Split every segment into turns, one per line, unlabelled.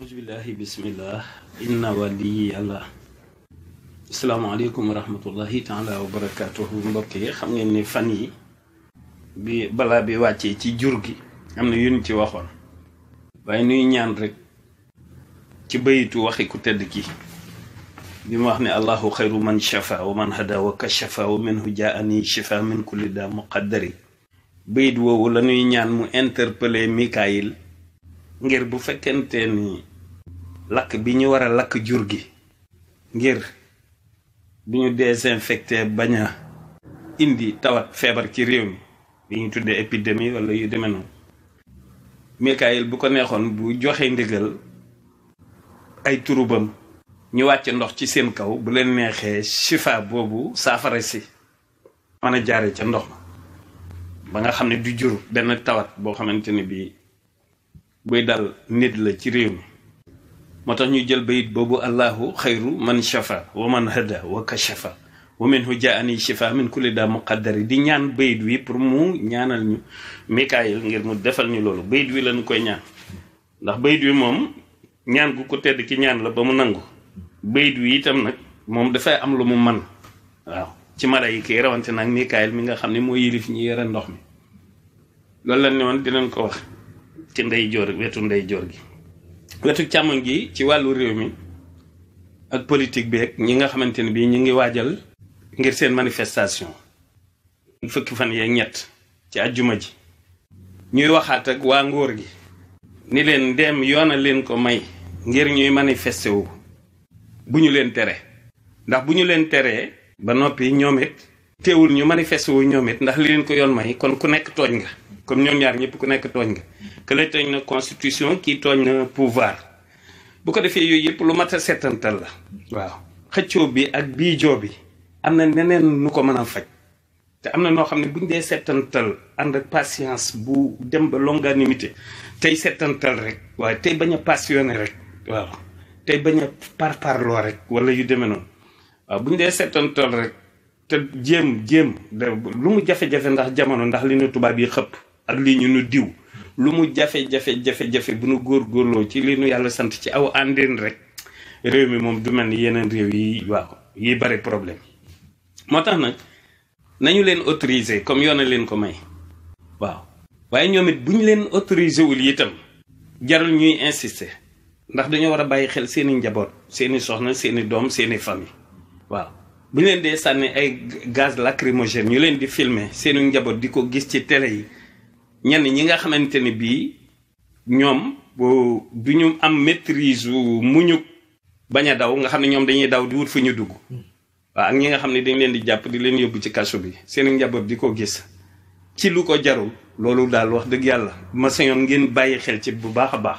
أعوذ بالله بسم الله إن ولي الله السلام عليكم ورحمة الله تعالى وبركاته مبكي خم ني فان يي bi bala bi wàccee ci jur gi am rek ci bayitu waxi allahu khairuman shafa wa man hada wa kashafa wa minhu min kulida muqaddari bayit woowu la mu mikail ngir bu fekkente ni Lak bi ñu lak a jur gi ngir bi ñu désinfecté indi tawat fièvre ci réew mi bi ñu tuddee épidémie wala yu démé non Mikaayil bu ko neexoon bu joxé ndigal ay turubam ñu wacc ndox ci seen kaw bu leen shifa bobu safara si mana jaaré ci ndox ma ba nga xamné du jur ben tawat bo xamanteni bi buy dal nit la ci réew mi motax ñu jël bayit bobu allahu khairu man shafa wa man hada wa kashafa wa minhu ja'ani shifa min kulli da muqaddari di ñaan bayit wi pour mu ñaanal ñu mikael ngir mu defal ñu lolu bayit wi lañ koy ñaan ndax bayit wi mom ñaan gu ko tedd ki ñaan la ba mu nangu bayit wi itam nak mom da fay am lu mu man waaw ci malaika yi rawante nak mikael mi nga xamni mo yilif ñi yere ndox mi lolu lañ ne won dinañ ko wax ci ndey jor wetu ndey jor gi wetu càmmoñ gi ci wàllu réew mi ak politique bi ak ñi nga xamante ne bii ñu ngi waajal ngir seen manifestation fukki fan yeeg ñett ci ajjuma ji ñuy waxaat ak waa ngóor gi ni leen ndeem yoona leen ko may ngir ñuy manifesté wu bu ñu leen tere ndax bu ñu leen teree ba noppi ñoom it teewul ñu manifesté wu ñoom it ndax li leen ko yoon may kon ku nekk tooñ nga comme ñoom ñaar ñëpp ku nekk tooñ nga kële tooñ na constitution kii tooñ na pouvoir bu ko defee yooyu yëpp lu mat a setantal la waaw xëccoo bi ak bii bi am na neneen nu ko mën a faj te am na noo xam ne buñ dee setantal ànd ak patience bu dem ba longanimité tey setantal rek waaw tey bañ a passionné rek waaw tey bañ a parparloo rek wala yu demee noonu waaw buñ dee setantal rek te jéem jéem lu mu jafe-jafe ndax jamono ndax li ñu tubaab yi xëpp ak lii ñu nu diw lu mu jafe-jafe jafe-jafe bu nu góor góorgóorloo ci li nu yàlla sant ci aw àndeen rek réew mi moom du mel ni yeneen réew yi waaw yi bari problème moo tax nag nañu leen autoriser comme yoon leen ko may waaw waaye ñoom it bu ñu leen autorisé wul itam jarul ñuy insisté ndax dañoo war a bàyyi xel seeni njaboot seeni soxna seeni doom seeni famille waaw bu ñu leen dee sànni ay gaz lacrymogène ñu leen di filmer seenu njaboot di ko gis ci télé yi ñenn ñi nga xamante ni bii ñoom du ñu am maîtrise muñu bañ a daw nga xam ne ñoom dañuy daw di wut fu ñu dugg hmm. waa ak ñi nga xam ne dañ leen di jàpp di leen yóbbu ci kaso bi seeni njaboot di ko gis ci lu ko jarul loolu daal wax dëgg yàlla ma sañoon ngeen bàyyi xel ci bu baax a baax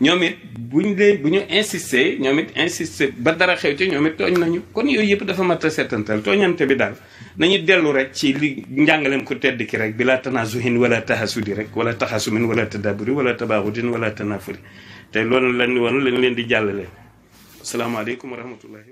ñoom bu ñu leen bu ñu insister ñoom it insister ba dara xew ci ñoom it tooñ nañu kon yooyu yëpp dafa mat a seetantal tooñante bi daal nañu dellu rek ci li njàngaleem ku tedd ki rek bi laa tanaasuhin wala taxasudi rek wala taxasumin wala tadaburi wala tabaxudin wala tanafuri te loolu lañ woon lañ leen di jàllale asalaamaaleykum wa rahmatullahi